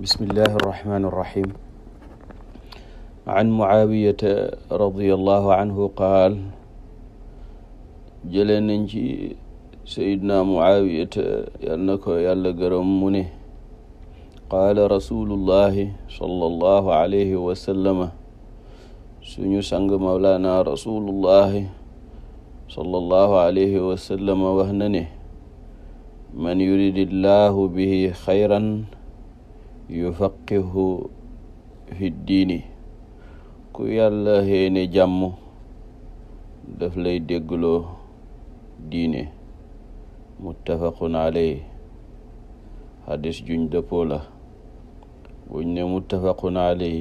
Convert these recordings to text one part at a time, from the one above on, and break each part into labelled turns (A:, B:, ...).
A: bismillahi irrahmani irrahim an muaawiyata radiallahu anhu qaal jëlee nañ ci sayidna muaawiyata yal na ko yàlla gërëm mu ne qaala rasulullahi sallallahu alayhi wa sallama suñu sang mawlaana rasulullahi sallallahu alayhi wa sallama wax na ne man yuridillahu bihi xayran yufaqihu fi diini ku yàlla xéene jàmm daf lay déggloo diine muttafaqun aley xadis juñ dëppoo la buñ ne muttafaqun aley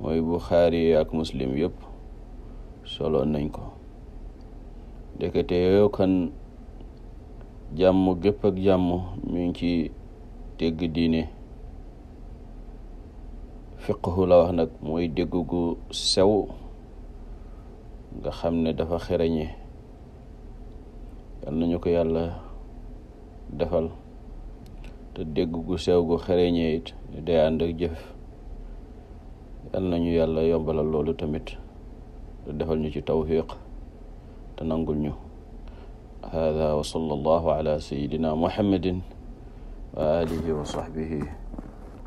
A: mooy buxaari ak muslim yëpp soloon nañ ko dekete yoo kan jàmm gépp ak jàmm mi ngi ci dégg diine fiqhu la wax nag mooy dégg gu sew nga xam ne dafa xereñe yal nañu ko yàlla defal te dégg gu sew gu xereñe it day ànd jëf yal nañu yàlla yombalal loolu tamit defal ñu ci tawfiq te nangul ñu hada wa sallallahu ala sayidina muhammadin wa alihi wa sahbihi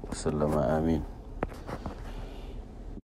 A: wa sallama amin